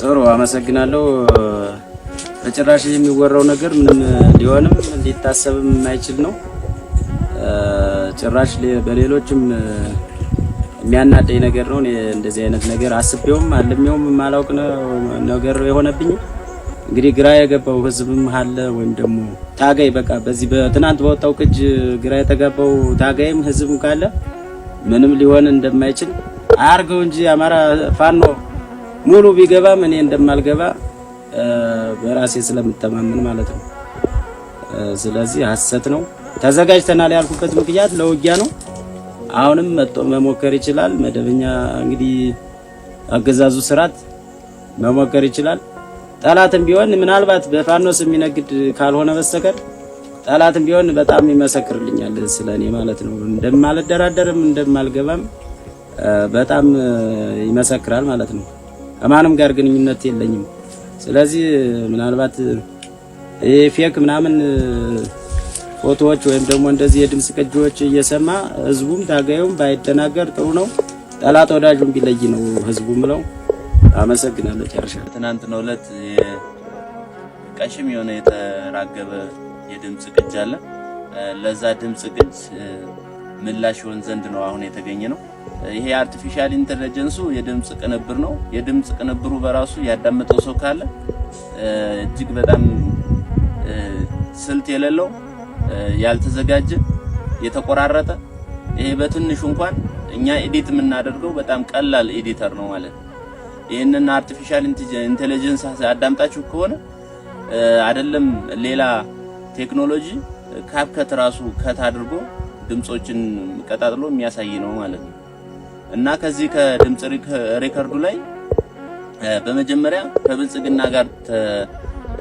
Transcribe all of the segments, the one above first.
ጥሩ አመሰግናለሁ። በጭራሽ የሚወራው ነገር ምንም ሊሆንም ሊታሰብም የማይችል ነው። ጭራሽ በሌሎችም የሚያናደኝ ነገር ነው። እንደዚህ አይነት ነገር አስቤውም አልሜውም የማላውቅ ነገር የሆነብኝ እንግዲህ ግራ የገባው ህዝብም አለ ወይም ደግሞ ታጋይ በቃ በዚህ በትናንት በወጣው ቅጅ ግራ የተገባው ታጋይም ህዝብም ካለ ምንም ሊሆን እንደማይችል አያርገው እንጂ አማራ ፋኖ ሙሉ ቢገባም እኔ እንደማልገባ በራሴ ስለምተማመን ማለት ነው። ስለዚህ ሀሰት ነው። ተዘጋጅተናል ያልኩበት ምክንያት ለውጊያ ነው። አሁንም መጦ መሞከር ይችላል። መደበኛ እንግዲህ አገዛዙ ስርዓት መሞከር ይችላል። ጠላትም ቢሆን ምናልባት በፋኖስ የሚነግድ ካልሆነ በስተቀር ጠላትም ቢሆን በጣም ይመሰክርልኛል ስለኔ ማለት ነው። እንደማልደራደርም እንደማልገባም በጣም ይመሰክራል ማለት ነው። ከማንም ጋር ግንኙነት የለኝም። ስለዚህ ምናልባት ይሄ ፌክ ምናምን ፎቶዎች ወይም ደግሞ እንደዚህ የድምፅ ቅጂዎች እየሰማ ህዝቡም ታጋዩም ባይደናገር ጥሩ ነው። ጠላት ወዳጁም ቢለይ ነው ህዝቡ ምለው። አመሰግናለሁ። ጨርሻ ነው ዕለት ቀሽም የሆነ የተራገበ የድምፅ ቅጅ አለ። ለዛ ድምፅ ቅጅ ምላሽ ይሆን ዘንድ ነው አሁን የተገኘ ነው። ይሄ አርቲፊሻል ኢንተለጀንሱ የድምፅ ቅንብር ነው። የድምፅ ቅንብሩ በራሱ ያዳመጠው ሰው ካለ እጅግ በጣም ስልት የሌለው ያልተዘጋጀ፣ የተቆራረጠ ይሄ በትንሹ እንኳን እኛ ኤዲት የምናደርገው በጣም ቀላል ኤዲተር ነው ማለት ነው። ይህንን አርቲፊሻል ኢንተለጀንስ አዳምጣችሁ ከሆነ አይደለም ሌላ ቴክኖሎጂ ካፕከት ራሱ ከት አድርጎ ድምጾችን ቀጣጥሎ የሚያሳይ ነው ማለት ነው። እና ከዚህ ከድምጽ ሪከርዱ ላይ በመጀመሪያ ከብልጽግና ጋር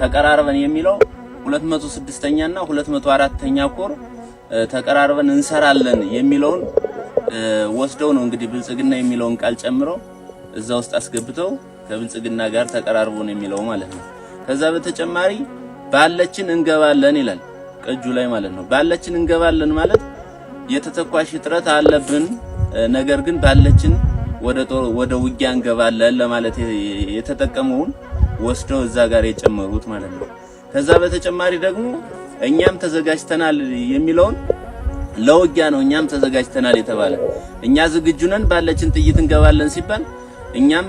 ተቀራርበን የሚለው 206ኛ እና 204ኛ ኮር ተቀራርበን እንሰራለን የሚለውን ወስደው ነው እንግዲህ ብልጽግና የሚለውን ቃል ጨምሮ እዛ ውስጥ አስገብተው ከብልጽግና ጋር ተቀራርቦ ነው የሚለው ማለት ነው። ከዛ በተጨማሪ ባለችን እንገባለን ይላል ቀጁ ላይ ማለት ነው። ባለችን እንገባለን ማለት የተተኳሽ እጥረት አለብን። ነገር ግን ባለችን ወደ ጦር ወደ ውጊያ እንገባለን ለማለት የተጠቀመውን ወስደው እዛ ጋር የጨመሩት ማለት ነው። ከዛ በተጨማሪ ደግሞ እኛም ተዘጋጅተናል የሚለውን ለውጊያ ነው እኛም ተዘጋጅተናል የተባለ እኛ ዝግጁ ነን ባለችን ጥይት እንገባለን ሲባል እኛም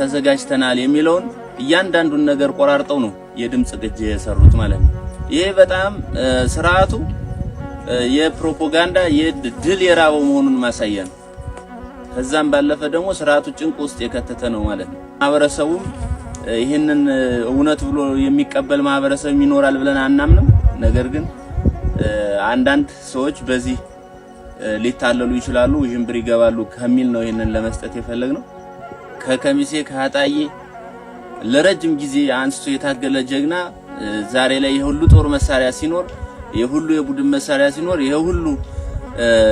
ተዘጋጅተናል የሚለውን እያንዳንዱን ነገር ቆራርጠው ነው የድምፅ ቅጅ የሰሩት ማለት ነው። ይሄ በጣም ስርዓቱ የፕሮፓጋንዳ ድል የራበው መሆኑን ማሳያ ነው። ከዛም ባለፈ ደግሞ ስርዓቱ ጭንቅ ውስጥ የከተተ ነው ማለት ነው። ማህበረሰቡም ይህንን እውነት ብሎ የሚቀበል ማህበረሰብ ይኖራል ብለን አናምንም። ነገር ግን አንዳንድ ሰዎች በዚህ ሊታለሉ ይችላሉ፣ ውዥንብር ይገባሉ ከሚል ነው ይህንን ለመስጠት የፈለግነው። ከከሚሴ ከአጣዬ ለረጅም ጊዜ አንስቶ የታገለ ጀግና ዛሬ ላይ የሁሉ ጦር መሳሪያ ሲኖር የሁሉ የቡድን መሳሪያ ሲኖር ይሄ ሁሉ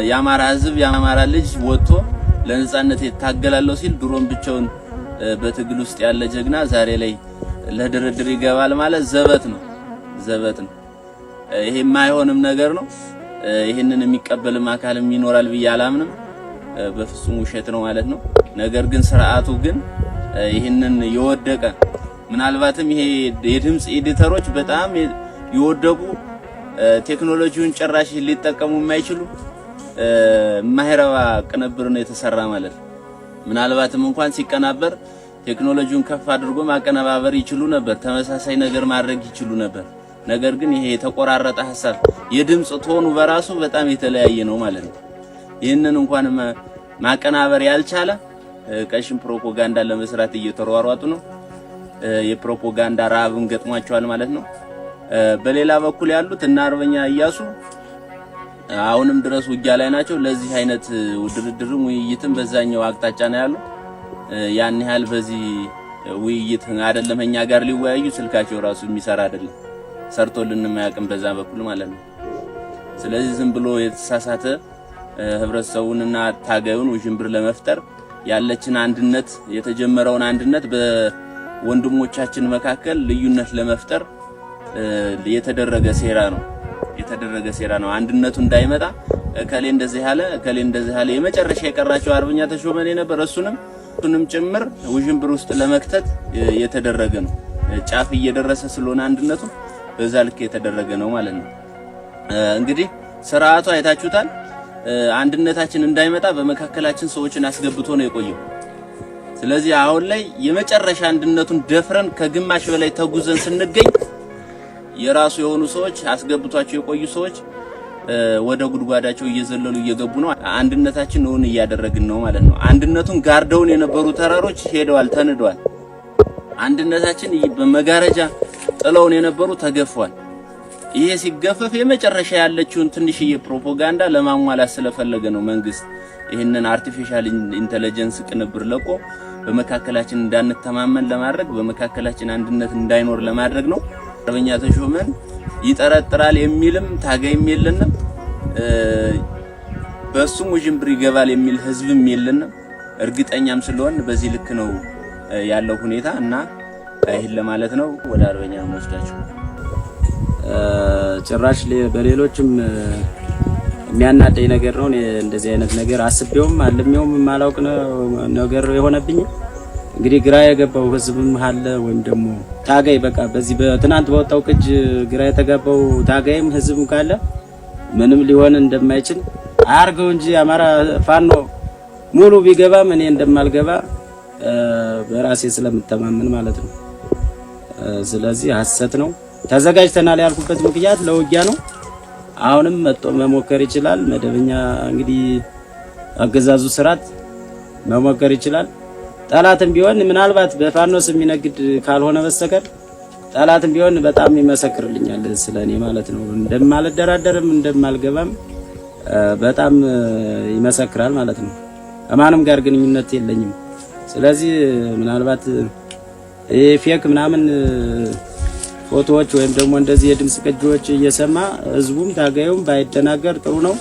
የአማራ ህዝብ የአማራ ልጅ ወጥቶ ለነጻነት ይታገላለሁ ሲል ድሮም ብቻውን በትግል ውስጥ ያለ ጀግና ዛሬ ላይ ለድርድር ይገባል ማለት ዘበት ነው፣ ዘበት ነው። ይሄ የማይሆንም ነገር ነው። ይህንን የሚቀበልም አካልም ይኖራል ብዬ አላምንም። በፍጹም ውሸት ነው ማለት ነው። ነገር ግን ስርዓቱ ግን ይህንን የወደቀ ምናልባትም ይሄ የድምፅ ኤዲተሮች በጣም የወደቁ ቴክኖሎጂውን ጭራሽ ሊጠቀሙ የማይችሉ ማይረባ ቅንብር ነው የተሰራ ማለት ነው። ምናልባትም እንኳን ሲቀናበር ቴክኖሎጂውን ከፍ አድርጎ ማቀነባበር ይችሉ ነበር። ተመሳሳይ ነገር ማድረግ ይችሉ ነበር። ነገር ግን ይሄ የተቆራረጠ ሀሳብ የድምፅ ቶኑ በራሱ በጣም የተለያየ ነው ማለት ነው። ይህንን እንኳን ማቀናበር ያልቻለ ቀሽም ፕሮፓጋንዳ ለመስራት እየተሯሯጡ ነው። የፕሮፓጋንዳ ረሃብን ገጥሟቸዋል ማለት ነው። በሌላ በኩል ያሉት እና አርበኛ እያሱ አሁንም ድረስ ውጊያ ላይ ናቸው። ለዚህ አይነት ድርድርም ውይይትም በዛኛው አቅጣጫ ነው ያሉ። ያን ያህል በዚህ ውይይት አይደለም እኛ ጋር ሊወያዩ ስልካቸው ራሱ የሚሰራ አይደለም፣ ሰርቶልን የማያውቅም በዛ በኩል ማለት ነው። ስለዚህ ዝም ብሎ የተሳሳተ ህብረተሰቡንና ታጋዩን ውዥንብር ለመፍጠር ያለችን አንድነት የተጀመረውን አንድነት በወንድሞቻችን መካከል ልዩነት ለመፍጠር የተደረገ ሴራ ነው የተደረገ ሴራ ነው። አንድነቱ እንዳይመጣ እከሌ እንደዚህ ያለ እከሌ እንደዚህ ያለ የመጨረሻ የቀራቸው አርበኛ ተሾመኔ ነበር። እሱንም እሱንም ጭምር ውዥንብር ውስጥ ለመክተት የተደረገ ነው። ጫፍ እየደረሰ ስለሆነ አንድነቱ በዛ ልክ የተደረገ ነው ማለት ነው። እንግዲህ ስርዓቱ አይታችሁታል። አንድነታችን እንዳይመጣ በመካከላችን ሰዎችን አስገብቶ ነው የቆየው። ስለዚህ አሁን ላይ የመጨረሻ አንድነቱን ደፍረን ከግማሽ በላይ ተጉዘን ስንገኝ የራሱ የሆኑ ሰዎች አስገብቷቸው የቆዩ ሰዎች ወደ ጉድጓዳቸው እየዘለሉ እየገቡ ነው። አንድነታችን እውን እያደረግን ነው ማለት ነው። አንድነቱን ጋርደውን የነበሩ ተራሮች ሄደዋል፣ ተንደዋል። አንድነታችን በመጋረጃ ጥለውን የነበሩ ተገፏል። ይሄ ሲገፈፍ የመጨረሻ ያለችውን ትንሽዬ ፕሮፓጋንዳ ለማሟላት ስለፈለገ ነው መንግስት ይህንን አርቲፊሻል ኢንተለጀንስ ቅንብር ለቆ በመካከላችን እንዳንተማመን ለማድረግ በመካከላችን አንድነት እንዳይኖር ለማድረግ ነው። አርበኛ ተሾመን ይጠረጥራል የሚልም ታጋይም የለንም። በሱም ውዥንብር ይገባል የሚል ህዝብም የለንም። እርግጠኛም ስለሆን በዚህ ልክ ነው ያለው ሁኔታ እና ይህን ለማለት ነው ወደ አርበኛ መወስዳቸው ጭራሽ በሌሎችም የሚያናደኝ ነገር ነው። እንደዚህ አይነት ነገር አስቤውም አልሜውም የማላውቅ ነገር የሆነብኝ እንግዲህ ግራ የገባው ህዝብም አለ ወይም ደግሞ ታጋይ በቃ በዚህ በትናንት በወጣው ቅጅ ግራ የተገባው ታጋይም ህዝብም ካለ ምንም ሊሆን እንደማይችል አያርገው እንጂ አማራ ፋኖ ሙሉ ቢገባም እኔ እንደማልገባ በራሴ ስለምተማመን ማለት ነው። ስለዚህ ሀሰት ነው። ተዘጋጅተናል ያልኩበት ምክንያት ለውጊያ ነው። አሁንም መጥቶ መሞከር ይችላል። መደበኛ እንግዲህ አገዛዙ ስርዓት መሞከር ይችላል። ጠላትም ቢሆን ምናልባት በፋኖስ የሚነግድ ካልሆነ በስተቀር ጠላትም ቢሆን በጣም ይመሰክርልኛል ስለኔ ማለት ነው። እንደማልደራደርም እንደማልገባም በጣም ይመሰክራል ማለት ነው። ከማንም ጋር ግንኙነት የለኝም። ስለዚህ ምናልባት ፌክ ምናምን ፎቶዎች ወይም ደግሞ እንደዚህ የድምጽ ቅጂዎች እየሰማ ህዝቡም ታጋዩም ባይደናገር ጥሩ ነው።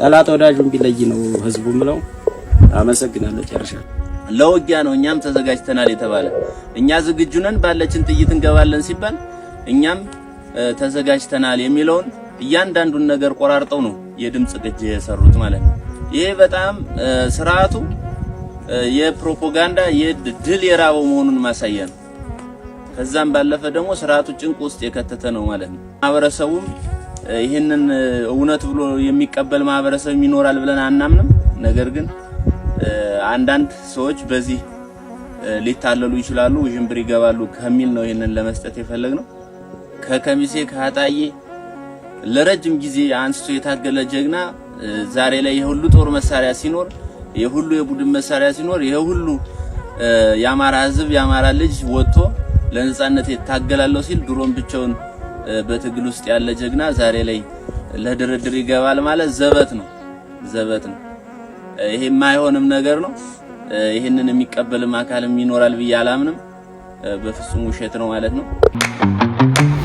ጠላት ወዳጁም ቢለይ ነው ህዝቡ ምለው። አመሰግናለሁ። ጨርሻለሁ። ለውጊያ ነው እኛም ተዘጋጅተናል የተባለ እኛ ዝግጁ ነን ባለችን ጥይት እንገባለን ሲባል እኛም ተዘጋጅተናል የሚለውን እያንዳንዱን ነገር ቆራርጠው ነው የድምፅ ቅጅ የሰሩት ማለት ነው። ይሄ በጣም ስርዓቱ የፕሮፖጋንዳ የድል የራበው መሆኑን ማሳያ ነው። ከዛም ባለፈ ደግሞ ስርዓቱ ጭንቅ ውስጥ የከተተ ነው ማለት ነው። ማህበረሰቡም ይህንን እውነት ብሎ የሚቀበል ማህበረሰብ ይኖራል ብለን አናምንም። ነገር ግን አንዳንድ ሰዎች በዚህ ሊታለሉ ይችላሉ፣ ውዥንብር ይገባሉ ከሚል ነው ይህንን ለመስጠት የፈለግነው። ከከሚሴ ከአጣዬ ለረጅም ጊዜ አንስቶ የታገለ ጀግና ዛሬ ላይ የሁሉ ጦር መሳሪያ ሲኖር፣ የሁሉ የቡድን መሳሪያ ሲኖር፣ የሁሉ የአማራ ሕዝብ የአማራ ልጅ ወጥቶ ለነጻነት ይታገላለሁ ሲል ድሮም ብቻውን በትግል ውስጥ ያለ ጀግና ዛሬ ላይ ለድርድር ይገባል ማለት ዘበት ነው፣ ዘበት ነው። ይሄ የማይሆንም ነገር ነው። ይህንን የሚቀበልም አካልም ይኖራል ብዬ አላምንም። በፍጹም ውሸት ነው ማለት ነው።